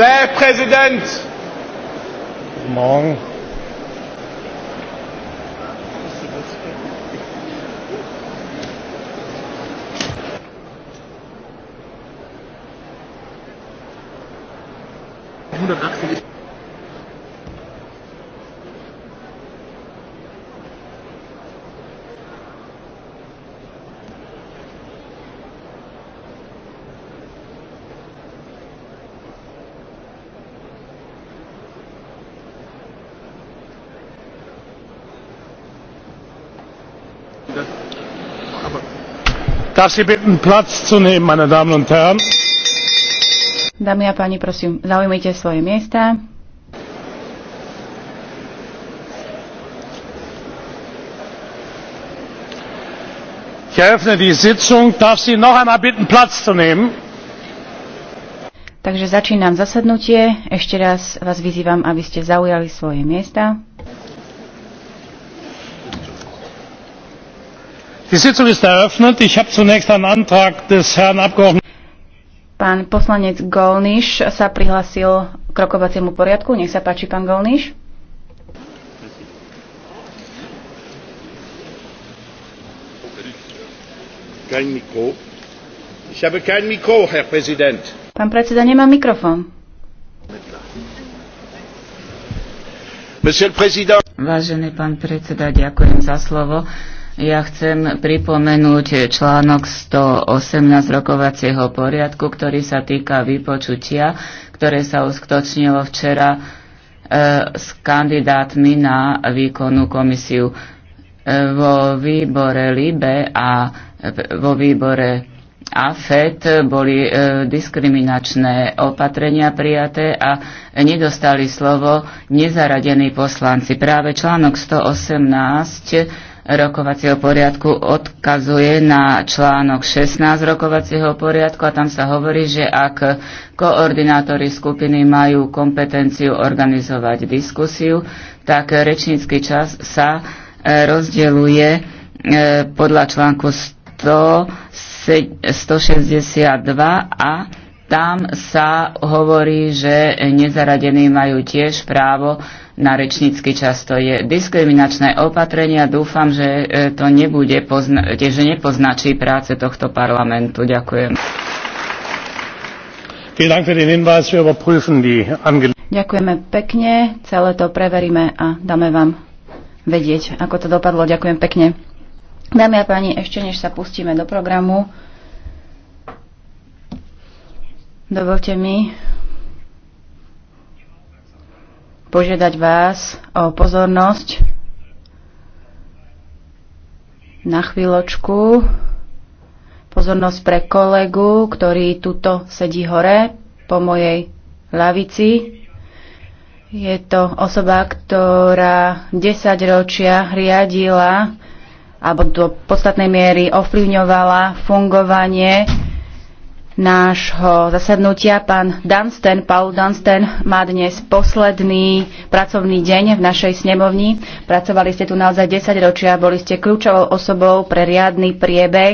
Der Präsident! Guten Morgen. ist Darf Sie bitten, Platz zu nehmen, meine Damen und Herren? Dámy a páni, prosím, zaujmite svoje miesta. Ich eröffne die Sitzung. Darf Sie noch einmal bitten, Platz zu nehmen? Takže začínam zasadnutie. Ešte raz vás vyzývam, aby ste zaujali svoje miesta. Die Sitzung ist eröffnet. Ich habe zunächst einen Antrag des Herrn Abgeordneten. Pán poslanec Golniš sa prihlásil k rokovaciemu poriadku. Nech sa páči, pán Golniš. Pán predseda, nemám mikrofón. Vážený pán predseda, ďakujem za slovo. Ja chcem pripomenúť článok 118 rokovacieho poriadku, ktorý sa týka vypočutia, ktoré sa uskutočnilo včera e, s kandidátmi na výkonnú komisiu e, vo výbore LIBE a e, vo výbore AFET boli e, diskriminačné opatrenia prijaté a nedostali slovo nezaradení poslanci. Práve článok 118 rokovacieho poriadku odkazuje na článok 16 rokovacieho poriadku a tam sa hovorí, že ak koordinátori skupiny majú kompetenciu organizovať diskusiu, tak rečnícky čas sa e, rozdeluje e, podľa článku 100, 162 a tam sa hovorí, že nezaradení majú tiež právo na rečnícky čas. To je diskriminačné opatrenie a dúfam, že e, to nebude pozna- že nepoznačí práce tohto parlamentu. Ďakujem. Ďakujeme pekne, celé to preveríme a dáme vám vedieť, ako to dopadlo. Ďakujem pekne. Dámy a páni, ešte než sa pustíme do programu, Dovolte mi požiadať vás o pozornosť na chvíľočku. Pozornosť pre kolegu, ktorý tuto sedí hore po mojej lavici. Je to osoba, ktorá 10 ročia riadila alebo do podstatnej miery ovplyvňovala fungovanie nášho zasadnutia. Pán Dunstan, Paul Dunstan, má dnes posledný pracovný deň v našej snemovni. Pracovali ste tu naozaj 10 ročia, boli ste kľúčovou osobou pre riadny priebeh